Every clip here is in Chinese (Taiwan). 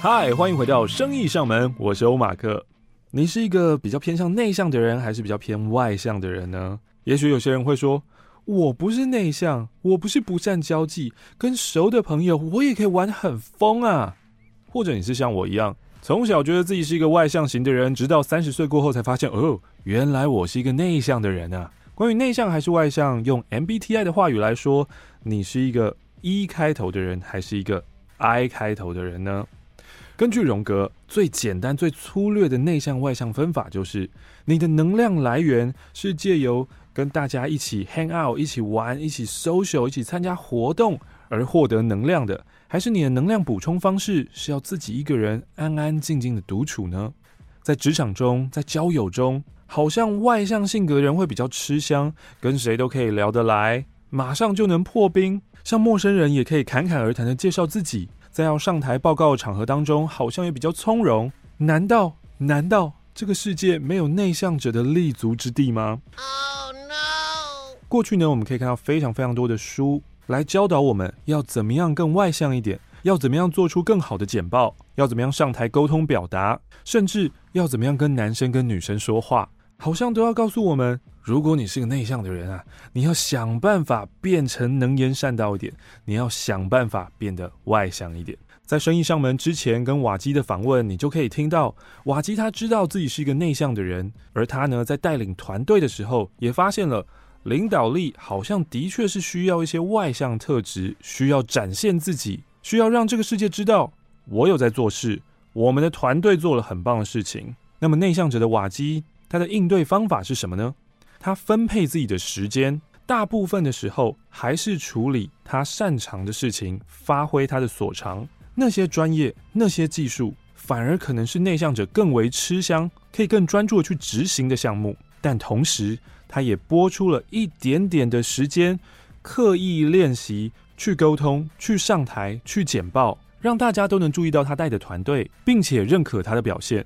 嗨，Hi, 歡迎回到生意上門，我是歐馬克。你是一個比較偏向內向的人，還是比較偏外向的人呢？也許有些人會說，我不是內向，我不是不善交際，跟熟的朋友我也可以玩很瘋啊。或者你是像我一樣，從小覺得自己是一個外向型的人，直到三十歲過後才發現，哦，原來我是一個內向的人啊。關於內向還是外向，用 MBTI 的話語來說，你是一個 E 開頭的人，還是一個 I 開頭的人呢？根據榮格最簡單、最粗略的內向外向分法，就是你的能量來源是借由跟大家一起 hang out、一起玩、一起 social、一起參加活動而獲得能量的，還是你的能量補充方式是要自己一個人安安靜靜的獨處呢？在職場中，在交友中，好像外向性格的人會比較吃香，跟誰都可以聊得來，馬上就能破冰，像陌生人也可以侃侃而談的介紹自己。在要上台報告的場合當中，好像也比較從容。難道，難道這個世界沒有內向者的立足之地嗎？Oh, no! 過去呢，我們可以看到非常非常多的書來教導我們要怎麼樣更外向一點，要怎麼樣做出更好的簡報，要怎麼樣上台溝通表達，甚至要怎麼樣跟男生跟女生說話，好像都要告訴我們。如果你是個內向的人啊，你要想辦法變成能言善道一點，你要想辦法變得外向一點。在生意上門之前，跟瓦基的訪問，你就可以聽到瓦基他知道自己是一個內向的人，而他呢，在帶領團隊的時候，也發現了領導力好像的確是需要一些外向特質，需要展現自己，需要讓這個世界知道我有在做事，我們的團隊做了很棒的事情。那麼內向者的瓦基，他的應對方法是什麼呢？他分配自己的時間，大部分的時候還是處理他擅長的事情，發揮他的所長。那些專業、那些技術，反而可能是內向者更為吃香，可以更專注的去執行的項目。但同時，他也撥出了一點點的時間，刻意練習去溝通、去上台、去簡報，讓大家都能注意到他帶的團隊，並且認可他的表現。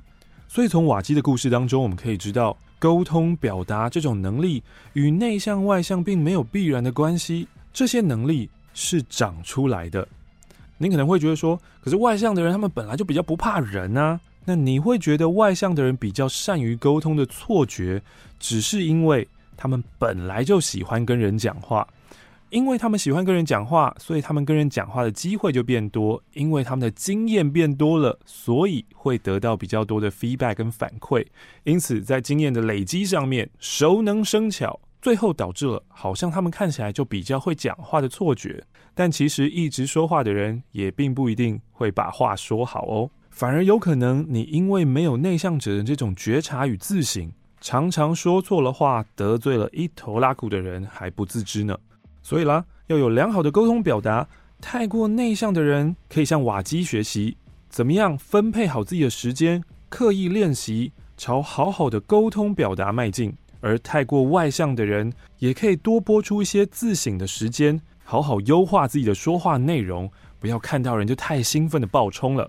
所以，從瓦基的故事當中，我們可以知道。溝通表達這種能力與內向外向並沒有必然的關係，這些能力是長出來的。你可能會覺得說，可是外向的人他們本來就比較不怕人啊，那你會覺得外向的人比較善於溝通的錯覺，只是因為他們本來就喜歡跟人講話。因為他們喜歡跟人講話，所以他們跟人講話的機會就變多。因為他們的經驗變多了，所以會得到比較多的 feedback 跟反饋。因此，在經驗的累積上面，熟能生巧，最後導致了好像他們看起來就比較會講話的錯覺。但其實一直說話的人也並不一定會把話說好哦。反而有可能你因為沒有內向者的這種覺察與自省，常常說錯了話，得罪了一拖拉庫的人還不自知呢。所以啦，要有良好的溝通表達。太過內向的人可以向瓦基學習，怎麼樣分配好自己的時間，刻意練習，朝好好的溝通表達邁進。而太過外向的人，也可以多撥出一些自省的時間，好好優化自己的說話內容，不要看到人就太興奮的爆衝了。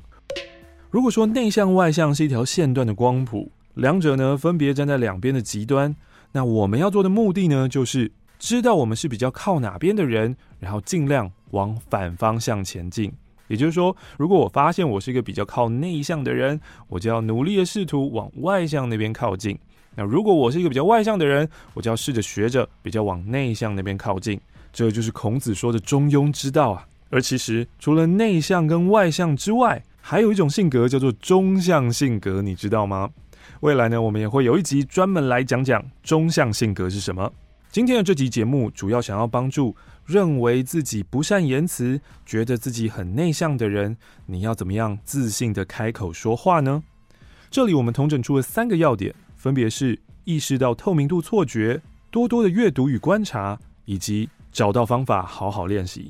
如果說內向外向是一條線段的光譜，兩者呢分別站在兩邊的極端，那我們要做的目的呢就是。知道我們是比較靠哪邊的人，然後儘量往反方向前進。也就是說，如果我發現我是一個比較靠內向的人，我就要努力的試圖往外向那邊靠近。那如果我是一個比較外向的人，我就要試着學着比較往內向那邊靠近。這就是孔子說的中庸之道啊。而其實除了內向跟外向之外，還有一種性格叫做中向性格，你知道嗎？未來呢，我們也會有一集專門來講講中向性格是什麼。今天的這集節目主要想要幫助認為自己不善言辭、覺得自己很內向的人。你要怎麼樣自信的開口說話呢？這裡我們統整出了三個要點，分別是意識到透明度錯覺、多多的閱讀與觀察，以及找到方法好好練習。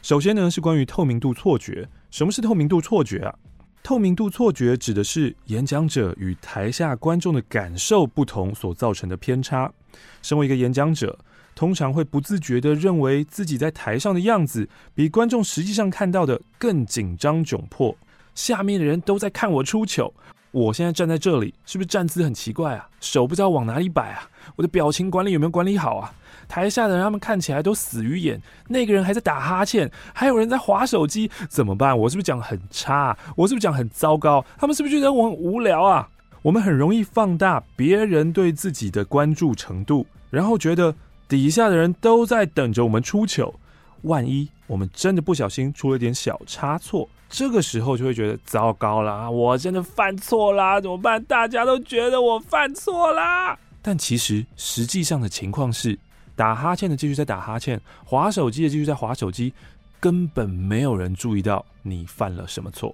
首先呢，是關於透明度錯覺。什麼是透明度錯覺啊？透明度錯覺指的是演講者與台下觀眾的感受不同所造成的偏差。身為一個演講者，通常會不自覺地認為自己在台上的樣子比觀眾實際上看到的更緊張窘迫。下面的人都在看我出糗。我現在站在這裡，是不是站姿很奇怪啊？手不知道往哪裡擺啊？我的表情管理有沒有管理好啊？台下的人他們看起來都死魚眼，那個人還在打哈欠，還有人在滑手機，怎麼辦？我是不是講很差啊？我是不是講很糟糕？他們是不是覺得我很無聊啊？我們很容易放大別人對自己的關注程度，然後覺得底下的人都在等着我們出糗。萬一我們真的不小心出了點小差錯，這個時候就會覺得糟糕啦。我真的犯錯啦，怎麼辦？大家都覺得我犯錯啦。但其實實際上的情況是，打哈欠的繼續在打哈欠，滑手機的繼續在滑手機，根本沒有人注意到你犯了什麼錯。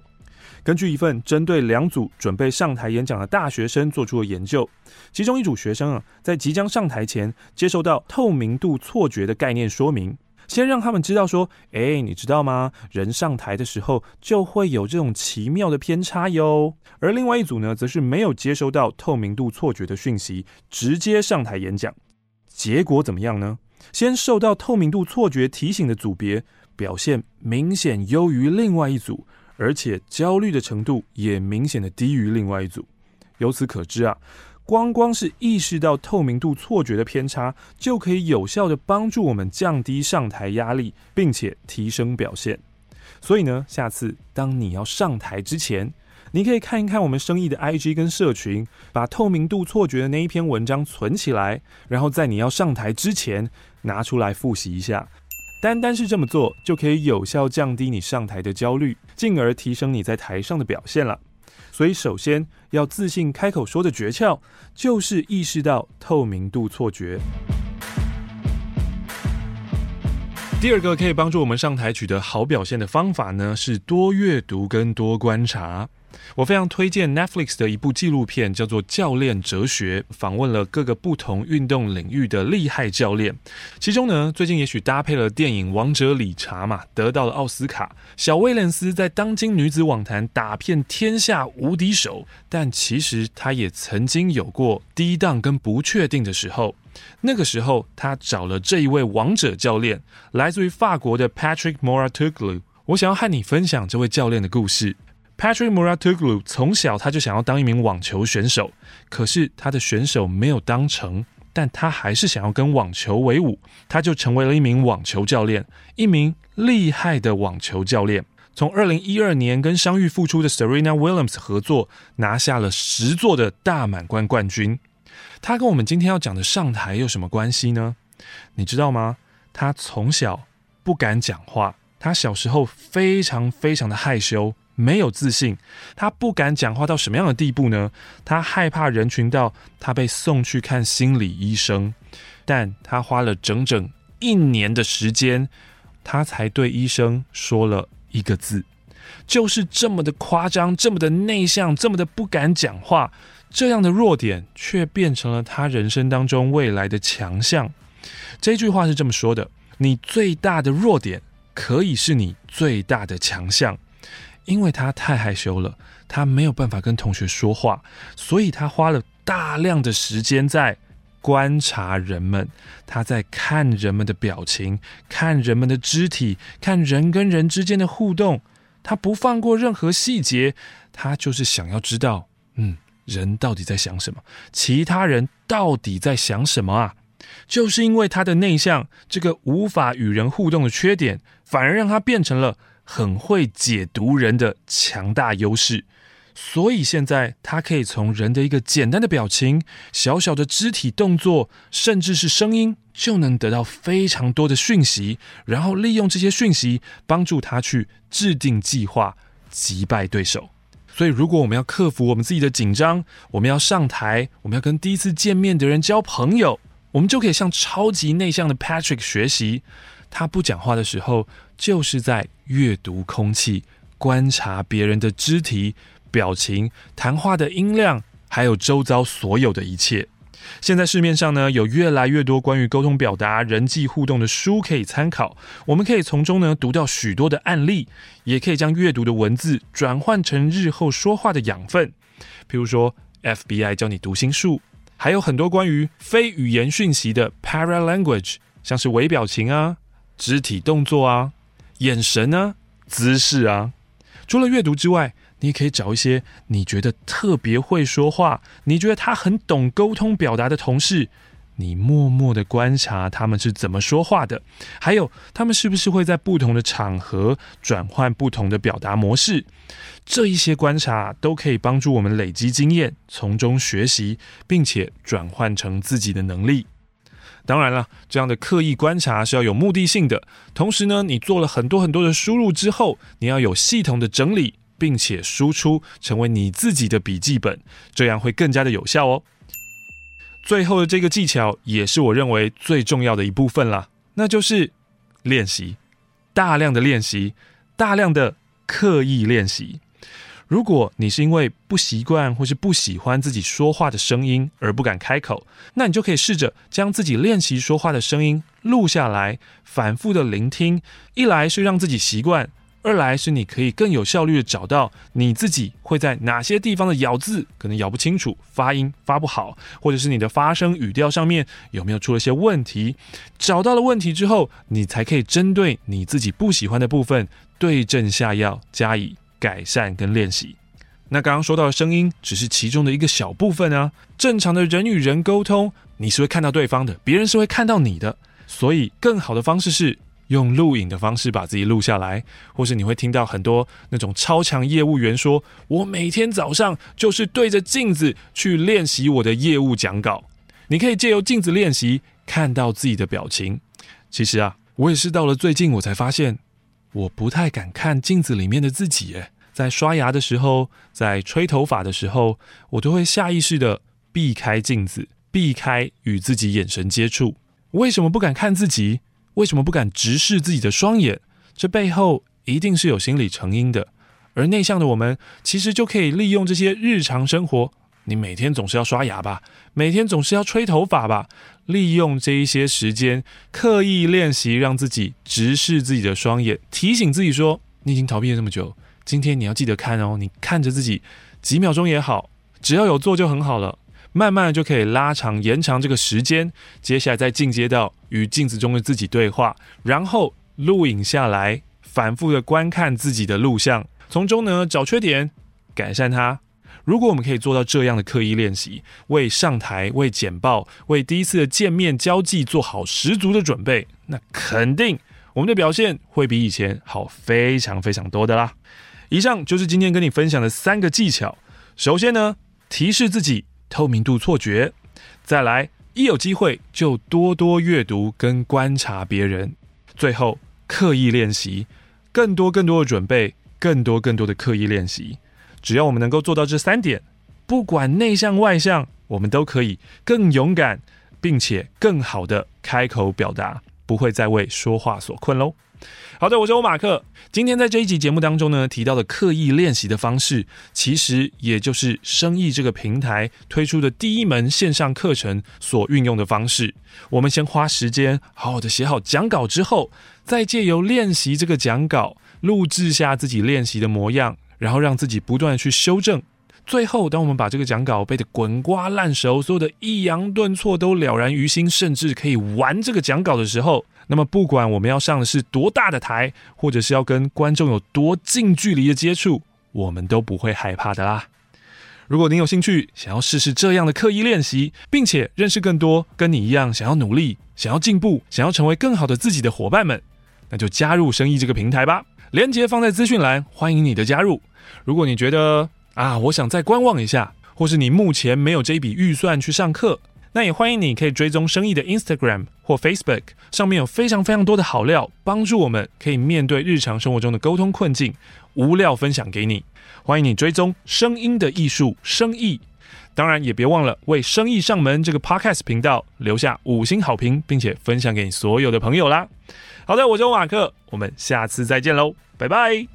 根據一份針對兩組準備上台演講的大學生做出的研究，其中一組學生啊，在即將上台前接受到透明度錯覺的概念說明。先讓他們知道說，哎、欸，你知道嗎？人上台的時候就會有這種奇妙的偏差喲。而另外一組呢，則是沒有接收到透明度錯覺的訊息，直接上台演講。結果怎麼樣呢？先受到透明度錯覺提醒的組別，表現明顯優於另外一組，而且焦慮的程度也明顯的低於另外一組。由此可知啊。光光是意識到透明度錯覺的偏差，就可以有效地幫助我們降低上台壓力，並且提升表現。所以呢，下次當你要上台之前，你可以看一看我們聲藝的 IG 跟社群，把透明度錯覺的那一篇文章存起來，然後在你要上台之前拿出來複習一下。單單是這麼做，就可以有效降低你上台的焦慮，進而提升你在台上的表現了。所以，首先要自信開口說的訣竅，就是意識到透明度錯覺。第二個可以幫助我們上台取得好表現的方法呢，是多閱讀跟多觀察。我非常推薦 Netflix 的一部紀錄片，叫做《教練哲學》，訪問了各個不同運動領域的厲害教練。其中呢，最近也許搭配了電影《王者理查》嘛，得到了奧斯卡。小威廉斯在當今女子網壇打遍天下無敵手，但其實她也曾經有過低檔跟不確定的時候。那個時候，她找了這一位王者教練，來自於法國的 Patrick Mouratoglou。我想要和你分享這位教練的故事。Patrick Mouratoglou 從小他就想要當一名網球選手，可是他的選手沒有當成，但他還是想要跟網球為伍，他就成為了一名網球教練，一名厲害的網球教練。從二零一二年跟傷癒復出的 Serena Williams 合作，拿下了十座的大滿貫冠軍。他跟我們今天要講的上台有什麼關係呢？你知道嗎？他從小不敢講話，他小時候非常非常的害羞。沒有自信，他不敢講話到什麼樣的地步呢？他害怕人群到他被送去看心理醫生。但他花了整整一年的時間，他才對醫生說了一個字。就是這麼的誇張，這麼的內向，這麼的不敢講話，這樣的弱點卻變成了他人生當中未來的強項。這句話是這麼說的：你最大的弱點，可以是你最大的強項。因為他太害羞了，他沒有辦法跟同學說話，所以他花了大量的時間在觀察人們。他在看人們的表情，看人們的肢體，看人跟人之間的互動，他不放過任何細節。他就是想要知道，嗯，人到底在想什麼，其他人到底在想什麼啊？就是因為他的內向，這個無法與人互動的缺點，反而讓他變成了很會解讀人的強大優勢，所以現在他可以從人的一個簡單的表情、小小的肢體動作，甚至是聲音，就能得到非常多的訊息，然後利用這些訊息幫助他去制定計劃，擊敗對手。所以，如果我們要克服我們自己的緊張，我們要上台，我們要跟第一次見面的人交朋友，我們就可以向超級內向的 Patrick 學習。他不講話的時候，就是在閱讀空氣，觀察別人的肢體、表情、談話的音量，還有周遭所有的一切。現在市面上呢，有越來越多關於溝通表達、人際互動的書可以參考，我們可以從中呢讀到許多的案例，也可以將閱讀的文字轉換成日後說話的養分。譬如說，FBI 教你讀心術，還有很多關於非語言訊息的 paralanguage，像是微表情啊、肢體動作啊。眼神呢，啊，姿勢啊，除了閱讀之外，你也可以找一些你覺得特別會說話、你覺得他很懂溝通表達的同事，你默默的觀察他們是怎麼說話的，還有他們是不是會在不同的場合轉換不同的表達模式，這一些觀察都可以幫助我們累積經驗，從中學習，並且轉換成自己的能力。當然啦，這樣的刻意觀察是要有目的性的。同時呢，你做了很多很多的輸入之後，你要有系統的整理，並且輸出成為你自己的筆記本，這樣會更加的有效哦。最後的這個技巧也是我認為最重要的一部分啦，那就是練習，大量的練習，大量的刻意練習。如果你是因為不習慣或是不喜歡自己說話的聲音而不敢開口，那你就可以試着將自己練習說話的聲音錄下來，反復的聆聽。一來是讓自己習慣，二來是你可以更有效率的找到你自己會在哪些地方的咬字可能咬不清楚、發音發不好，或者是你的發聲語調上面有沒有出了些問題。找到了問題之後，你才可以針對你自己不喜歡的部分對症下藥，加以。改善跟練習，那剛剛說到的聲音只是其中的一個小部分啊。正常的人與人溝通，你是會看到對方的，別人是會看到你的。所以，更好的方式是用錄影的方式把自己錄下來，或是你會聽到很多那種超強業務員說：“我每天早上就是對着鏡子去練習我的業務講稿。”你可以借由鏡子練習，看到自己的表情。其實啊，我也是到了最近我才發現。我不太敢看鏡子裡面的自己，哎，在刷牙的時候，在吹頭髮的時候，我都會下意識的避開鏡子，避開與自己眼神接觸。為什麼不敢看自己？為什麼不敢直視自己的雙眼？這背後一定是有心理成因的。而內向的我們，其實就可以利用這些日常生活，你每天總是要刷牙吧，每天總是要吹頭髮吧，利用這一些時間刻意練習，讓自己直視自己的雙眼，提醒自己說，你已經逃避了這麼久，今天你要記得看哦，你看着自己幾秒鐘也好，只要有做就很好了，慢慢就可以拉長延長這個時間，接下來再進階到與鏡子中的自己對話，然後錄影下來，反復的觀看自己的錄像，從中呢找缺點，改善它。如果我們可以做到這樣的刻意練習，為上臺、為簡報、為第一次的見面交際做好十足的準備，那肯定我們的表現會比以前好非常非常多的啦。以上就是今天跟你分享的三個技巧。首先呢，提示自己透明度錯覺；再來，一有機會就多多閱讀跟觀察別人；最後，刻意練習，更多更多的準備，更多更多的刻意練習。只要我們能夠做到這三點，不管內向外向，我們都可以更勇敢，並且更好的開口表達，不會再為說話所困嘍。好的，我是歐馬克。今天在這一集節目當中呢，提到的刻意練習的方式，其實也就是聲藝這個平台推出的第一門線上課程所運用的方式。我們先花時間好好的寫好講稿之後，再借由練習這個講稿，錄製下自己練習的模樣。然後讓自己不斷的去修正，最後，當我們把這個講稿背得滾瓜爛熟，所有的抑揚頓挫都了然於心，甚至可以玩這個講稿的時候，那麼不管我們要上的是多大的台，或者是要跟觀眾有多近距離的接觸，我們都不會害怕的啦。如果您有興趣，想要試試這樣的刻意練習，並且認識更多跟你一樣想要努力、想要進步、想要成為更好的自己的夥伴們，那就加入聲藝這個平台吧。鏈接放在資訊欄，歡迎你的加入。如果你覺得啊，我想再觀望一下，或是你目前沒有這一筆預算去上課，那也歡迎你可以追蹤聲藝的 Instagram 或 Facebook，上面有非常非常多的好料，幫助我們可以面對日常生活中的溝通困境。無料分享給你，歡迎你追蹤聲音的藝術聲藝。當然也別忘了為聲藝上門這個 Podcast 頻道留下五星好評，並且分享給你所有的朋友啦。好的，我是馬克，我們下次再見嘍，拜拜。